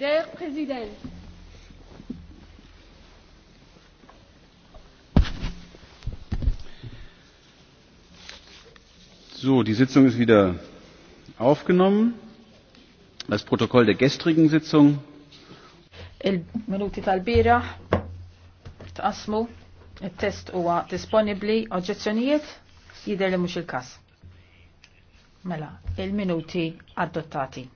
Der Präsident. So, die Sitzung ist wieder aufgenommen. Das Protokoll der gestrigen Sitzung. Il-minuti tal-bira tasmu il-test huwa disponibli, oġġezzjonijiet jidher li mhux il-każ. Mela, il-minuti adottati.